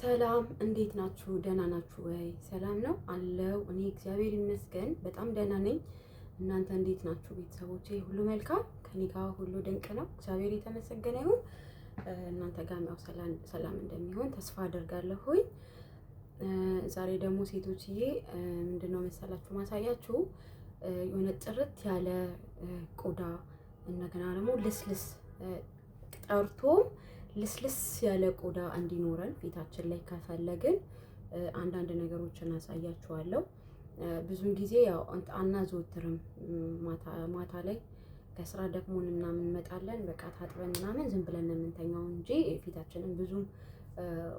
ሰላም እንዴት ናችሁ? ደህና ናችሁ ወይ? ሰላም ነው አለው። እኔ እግዚአብሔር ይመስገን በጣም ደህና ነኝ። እናንተ እንዴት ናችሁ ቤተሰቦቼ? ሁሉ መልካም ከኔ ጋር ሁሉ ድንቅ ነው። እግዚአብሔር የተመሰገነ ይሁን። እናንተ ጋር ያው ሰላም እንደሚሆን ተስፋ አደርጋለሁ። ዛሬ ደግሞ ሴቶችዬ ምንድነው መሰላችሁ ማሳያችሁ የሆነ ጥርት ያለ ቆዳ እንደገና ደግሞ ልስልስ ጠርቶም ልስልስ ያለ ቆዳ እንዲኖረን ፊታችን ላይ ከፈለግን አንዳንድ ነገሮችን አሳያችኋለሁ። ብዙን ጊዜ ያው አናዘወትርም። ማታ ላይ ከስራ ደክሞን ምናምን እንመጣለን። በቃ ታጥበን ምናምን ዝም ብለን የምንተኛው እንጂ ፊታችንን ብዙም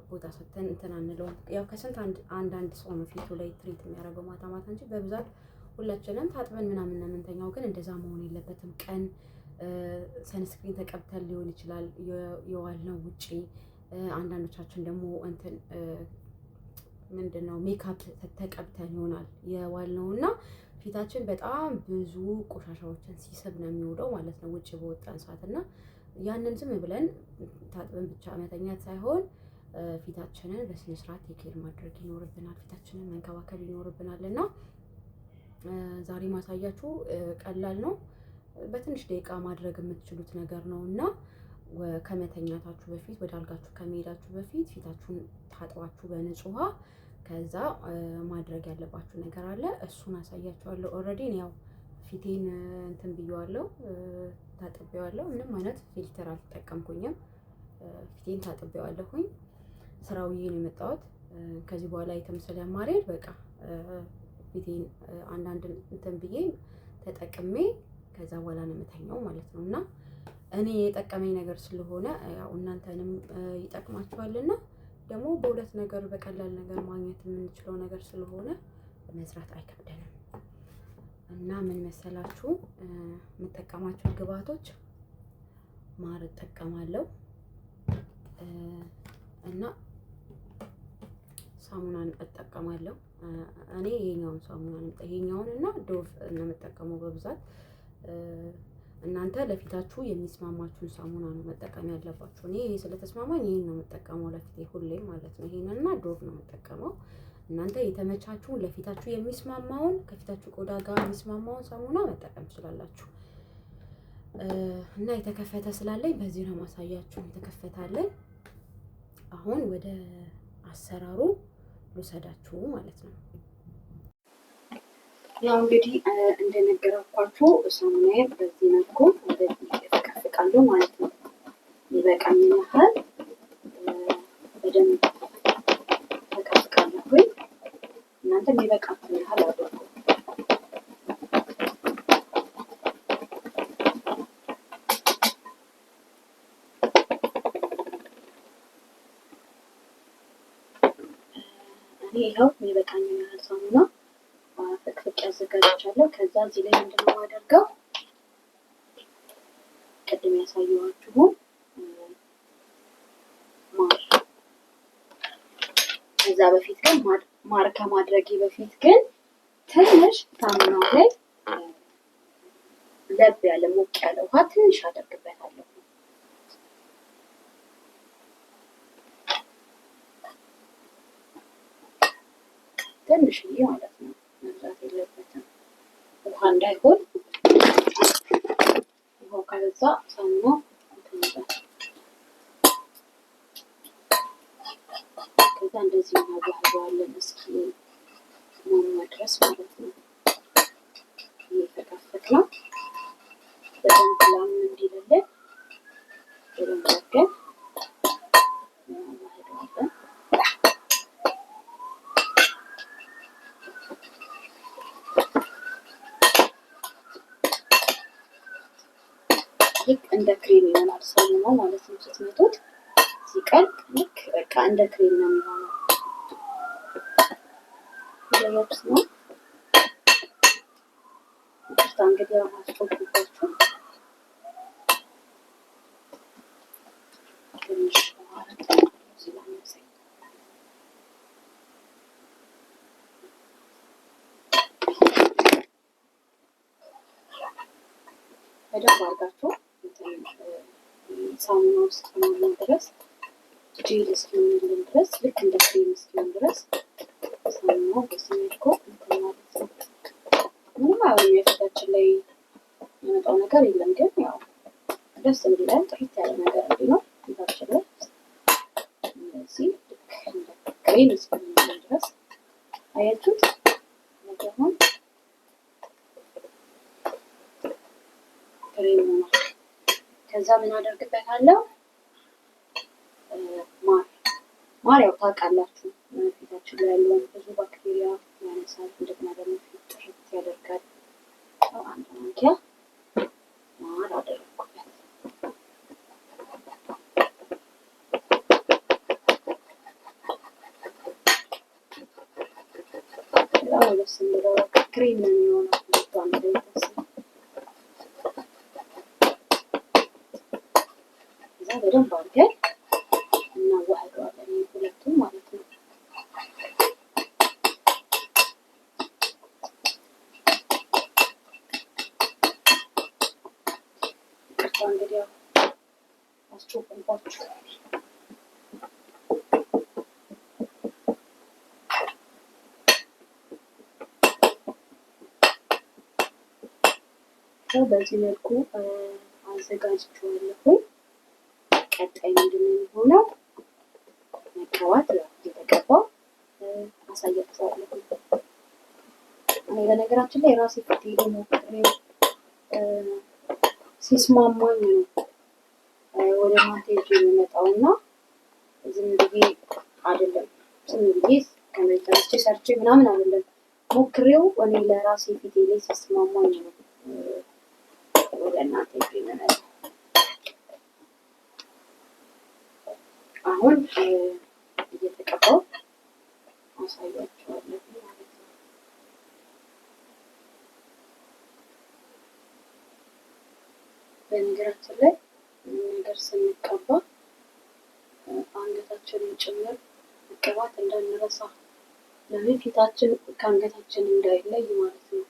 ቦታ ሰጥተን እንትን አንለውም። ያው ከስንት አንዳንድ ሰው ነው ፊቱ ላይ ትሪት የሚያደርገው ማታ ማታ እንጂ በብዛት ሁላችንም ታጥበን ምናምን የምንተኛው። ግን እንደዛ መሆን የለበትም ቀን ሰንስክሪን ተቀብተን ሊሆን ይችላል የዋልነው ውጪ። አንዳንዶቻችን ደግሞ እንትን ምንድን ነው ሜካፕ ተቀብተን ይሆናል የዋልነው እና ፊታችን በጣም ብዙ ቆሻሻዎችን ሲስብ ነው የሚውለው ማለት ነው ውጭ በወጣን ሰዓት እና ያንን ዝም ብለን ታጥበን ብቻ መተኛት ሳይሆን ፊታችንን በስነ ስርዓት ቴኬር ማድረግ ይኖርብናል። ፊታችንን መንከባከብ ይኖርብናል እና ዛሬ ማሳያችሁ ቀላል ነው። በትንሽ ደቂቃ ማድረግ የምትችሉት ነገር ነው እና ከመተኛታችሁ በፊት ወደ አልጋችሁ ከመሄዳችሁ በፊት ፊታችሁን ታጥባችሁ በንጹህ ውሃ ከዛ ማድረግ ያለባችሁ ነገር አለ። እሱን አሳያችኋለሁ። ኦልሬዲ ያው ፊቴን እንትን ብየዋለሁ፣ ታጥቤዋለሁ። ምንም አይነት ፊልተር አልተጠቀምኩኝም። ፊቴን ታጥቤዋለሁኝ። ስራ ነው የመጣሁት። ከዚህ በኋላ የትም ስለማልሄድ በቃ ፊቴን አንዳንድ እንትን ብዬ ተጠቅሜ ከዛ በኋላ ነው የምተኛው ማለት ነው። እና እኔ የጠቀመኝ ነገር ስለሆነ ያው እናንተንም ይጠቅማችኋልና ደግሞ በሁለት ነገር በቀላል ነገር ማግኘት የምንችለው ነገር ስለሆነ መስራት አይከብደንም። እና ምን መሰላችሁ የምጠቀማቸው ግብአቶች ማር እጠቀማለሁ እና ሳሙናን እጠቀማለሁ። እኔ ይሄኛውን ሳሙናን ይሄኛውን እና ዶቭ ነው የምጠቀመው በብዛት እናንተ ለፊታችሁ የሚስማማችሁን ሳሙና ነው መጠቀም ያለባችሁ። እኔ ይሄ ስለተስማማኝ ይሄን ነው የምጠቀመው ለፊቴ ሁሌም ማለት ነው። እና ዶቭ ነው የምጠቀመው። እናንተ የተመቻችሁን ለፊታችሁ የሚስማማውን ከፊታችሁ ቆዳ ጋር የሚስማማውን ሳሙና መጠቀም ትችላላችሁ። እና የተከፈተ ስላለኝ በዚህ ነው ማሳያችሁ። የተከፈታለን። አሁን ወደ አሰራሩ ልውሰዳችሁ ማለት ነው። ያው እንግዲህ እንደነገረኳችሁ ሳሙናዬን በዚህ መልኩ ወደዚህ እፈቀፍቃለሁ ማለት ነው። ይበቃኝ ያህል በደንብ እፈቀፍቃለሁኝ። እናንተ የሚበቃችሁን ያህል አድርጉ። ይኸው የሚበቃኝ ያህል ሳሙና ፍቅፍቅ ያዘጋጅቻለሁ። ከዛ እዚህ ላይ ምንድነው የማደርገው ቅድም ያሳየኋችሁ ማር። ከዛ በፊት ግን ማር ከማድረጌ በፊት ግን ትንሽ ሳሙናው ላይ ለብ ያለ ሞቅ ያለ ውሃ ትንሽ አደርግበታለሁ። ትንሽዬ ማለት ነው። መብዛት የለበትም። ውሃ እንዳይሆን ውሃው ከበዛ ሳሞ ከዛ እንደዚህ እናዋህደዋለን እስኪ ማማ ድረስ ማለት ነው እየፈቀፈቅ ነው እንደ ክሬም ነው የሚሆነው። ሮብስ ነው ቁርታ እንግዲህ ያው በደንብ አድርጋችሁ ሳሙና ውስጥ ነው ድረስ ጄል እስኪሆንልን ድረስ ልክ እንደ ክሬም እስኪሆን ድረስ ሳሙናው ማለት ነው። ምንም አሁን የፊታችን ላይ የሚመጣው ነገር የለም፣ ግን ያው ደስ ጥርት ያለ ነገር እንዲኖር ፊታችን ላይ እንደዚህ ልክ እንደ ክሬም ድረስ አያችሁት ክሬም ሆኗል። ከዛ ምን አደርግበታለሁ ማር ያው ታውቃላችሁ ፊታችን ላይ ያለውን ብዙ ባክቴሪያ ያነሳል። ትልቅ ነገር ጥርት ያደርጋል። አንድ ማንኪያ ማር አደረግኩበት። ደስ የሚለው ክሬም ነው የሚሆነው አንድ ደስ እዛ በደንብ አድርገን አለባቸው። በዚህ መልኩ አዘጋጅቼዋለሁ። ቀጣይ ምንድን ነው የሚሆነው? መቀባት እየተቀባ አሳያችኋለሁ። እኔ በነገራችን ላይ ራሴ ሞክሬው ሲስማማኝ ነው ለእናንተ ይዤ የሚመጣው እና ዝም ብዬ አይደለም፣ ዝም ብዬ ከመጠርቼ ሰርች ምናምን አይደለም። ሞክሬው እኔ ለራሴ ፊት ላይ ሲስማማኝ ነው ወደ እናንተ ይዤ የሚመጣው። አሁን እየተቀባው አሳያቸዋለሁ ማለት በነገራችን ላይ ነገር ስንቀባ አንገታችንን ጭምር መቀባት እንዳንረሳ ለምን ፊታችን ከአንገታችን እንዳይለይ ማለት ነው።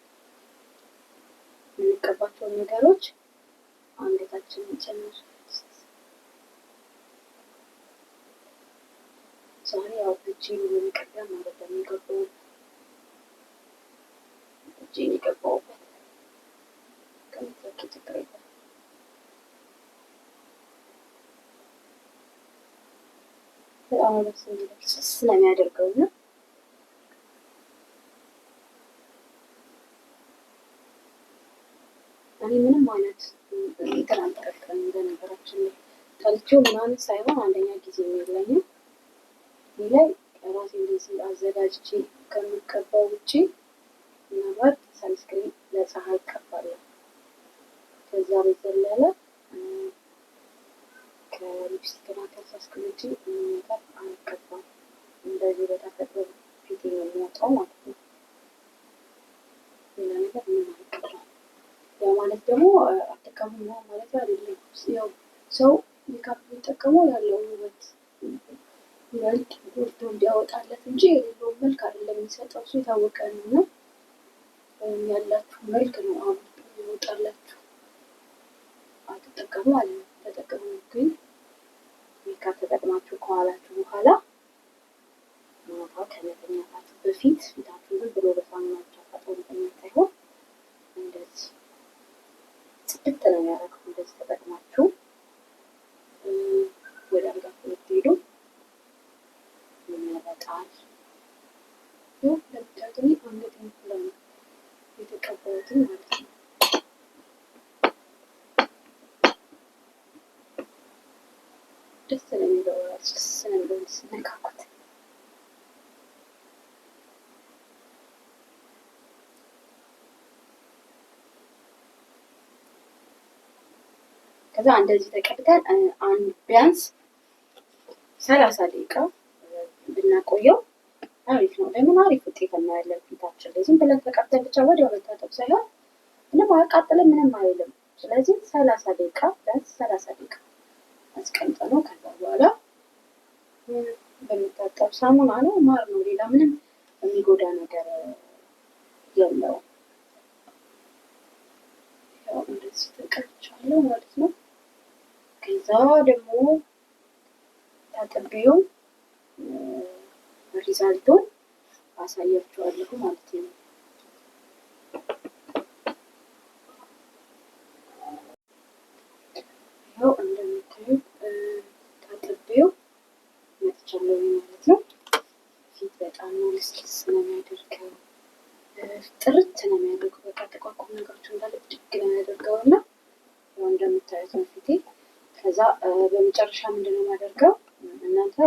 የምንቀባቸው ነገሮች አንገታችንን ጭምር ዛሬ ያው እጄን ለመቀደም አይደለም የገባው እጄን የገባውበት ከሚጠቂ ችግር በጣም ደስ የሚደርስ ስለሚያደርገው ነው። እኔ ምንም አይነት እንትን አልጠቀምም። በነገራችን ላይ ጠልቼው ምናምን ሳይሆን አንደኛ ጊዜ የለኝም። እዚህ ላይ ራሴ እንደዚህ አዘጋጅቼ ከምቀባው ውጪ ምናልባት ሳንስክሪን ለፀሐይ ይቀባለሁ። ከዛ በዘለለ ከሊፕስቲክ እና ከሳስክሎጂ መውጣት አይገባም። እንደዚህ በተፈጥሮ ፊት የሚወጣው ማለት ነው። ሌላ ነገር ምንም አይቀባም። ያ ማለት ደግሞ አጠቀሙ ነው ማለት አይደለም። ያው ሰው ሜካፕ የሚጠቀመው ያለው ውበት መልክ ጎልቶ እንዲያወጣለት እንጂ የሌለውን መልክ አይደለም የሚሰጠው። እሱ የታወቀ ነው እና ያላችሁ መልክ ነው አሁን ይወጣላችሁ። አትጠቀሙ አለ ተጠቀሙ ፊት ፊታችሁ ዝም ብሎ በሳሙናቸው ተጠምጠም ሳይሆን እንደዚህ ጽድት ነው ያደረገው። እንደዚህ ተጠቅማችሁ ወደ አልጋችሁ ልትሄዱ ይመረጣል። ለብቻትን አንገት ምስላ ነው የተቀበሉትን ማለት ነው። ደስ ነው የሚለው ስለሚለው ስነካኩት ከዛ እንደዚህ ተቀብተን ቢያንስ ሰላሳ ደቂቃ ብናቆየው አሪፍ ነው። ለምን አሪፍ ውጤት እናያለን ፊታችን ላይ። ዝም ብለን ተቀብተን ብቻ ወዲያው መታጠብ ሳይሆን ምንም አያቃጥልም፣ ምንም አይልም። ስለዚህ ሰላሳ ደቂቃ ቢያንስ ሰላሳ ደቂቃ አስቀምጠ ነው። ከዛ በኋላ በሚታጠብ ሳሙና ነው፣ ማር ነው። ሌላ ምንም የሚጎዳ ነገር የለውም። እንደዚህ ተቀብቻለሁ ማለት ነው። ከዛ ደግሞ ታጥቤው ሪዛልቱን አሳያችኋለሁ ማለት ነው። ከዛ በመጨረሻ ምንድነው የማደርገው እናንተ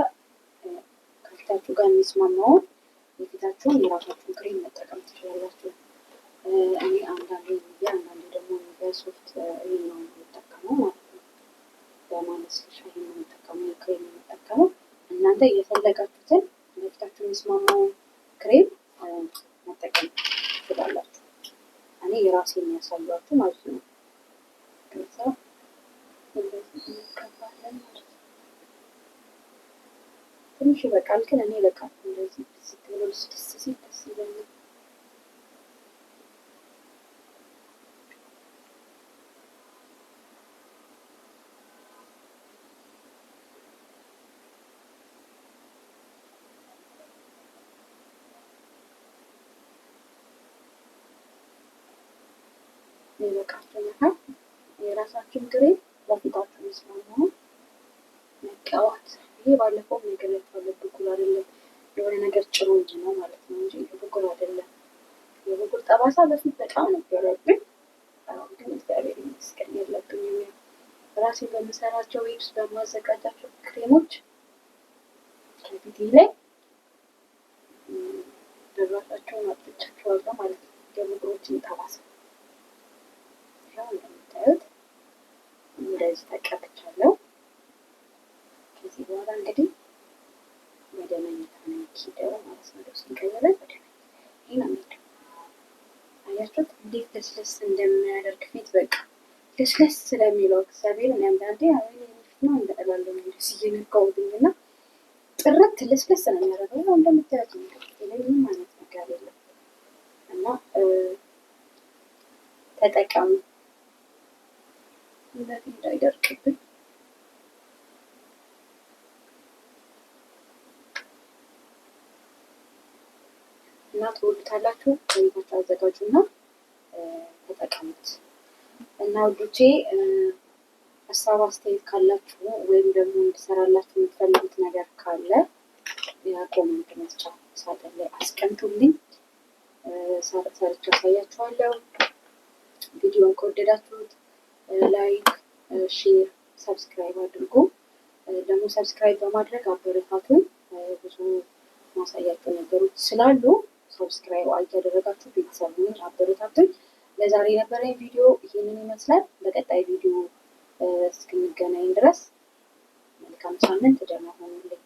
ከፊታችሁ ጋር የሚስማማውን የፊታችሁን የራሳችሁን ክሬም መጠቀም ትችላላችሁ። እኔ አንዳንዴ ጊዜ አንዳንዴ ደግሞ በሶፍት ይህ ነው የምጠቀመው ማለት ነው። በማለስለሻ ይህ ነው የምጠቀመው የክሬም የምጠቀመው። እናንተ እየፈለጋችሁትን ለፊታችሁ የሚስማማውን ክሬም መጠቀም ትችላላችሁ። እኔ የራሴ የሚያሳያችሁ ማለት ነው። ትንሽ ይበቃል፣ ግን እኔ ይበቃል። እንደዚህ ስትብሎ ደስ ሲል ደስ ይለኛል። የራሳችን ግሬ ለፊታችሁ መስማማ መቀባት ይሄ ባለፈውም የገለጽኩት ብጉር አይደለም፣ የሆነ ነገር እንጂ ነው ማለት ነው እንጂ ብጉር አይደለም። የብጉር ጠባሳ በፊት በጣም ነበረብኝ፣ አሁን ግን እግዚአብሔር ይመስገን የለብኝም። ራሴ በምሰራቸው ዌብስ በማዘጋጃቸው ክሬሞች ከፊት ላይ ደራሳቸውን አጥቻቸዋለሁ ማለት ነው። የብጉሮችን ጠባሳ ያው እንደምታዩት እንደዚህ ተቀብቻለሁ። ከዚህ በኋላ እንግዲህ ወደ መኝታ ነው የሚሄደው ማለት ነው። ልብሱን ወደ ይህ ነው የሚሄደው። አያችሁት እንዴት እንደሚያደርግ ፊት በቃ ልስልስ ስለሚለው እግዚአብሔር አንዳንዴ ነው እንደጠላለ እየነካውብኝ እና ጥርት ነው የሚያደርገው። ያው ምንም አይነት ነገር የለም እና ተጠቀሙ እና ትወዱታላችሁ። በቤታችሁ አዘጋጁ እና ተጠቀሙት እና ውዱቼ ሀሳብ አስተያየት ካላችሁ ወይም ደግሞ እንድሰራላችሁ የምትፈልጉት ነገር ካለ የኮሜንት መስጫ ሳጥን ላይ አስቀምጡልኝ። ሰርቻ አሳያችኋለሁ። ቪዲዮን ከወደዳችሁት ላይክ፣ ሼር፣ ሰብስክራይብ አድርጉ። ደግሞ ሰብስክራይብ በማድረግ አበረታቱን። ብዙ ማሳያቸው ነገሮች ስላሉ ሰብስክራይብ እያደረጋችሁ ቤተሰብ ሆኝ አበረታቱኝ። ለዛሬ የነበረኝ ቪዲዮ ይህንን ይመስላል። በቀጣይ ቪዲዮ እስክንገናኝ ድረስ መልካም ሳምንት ደህና ሆኑልኝ።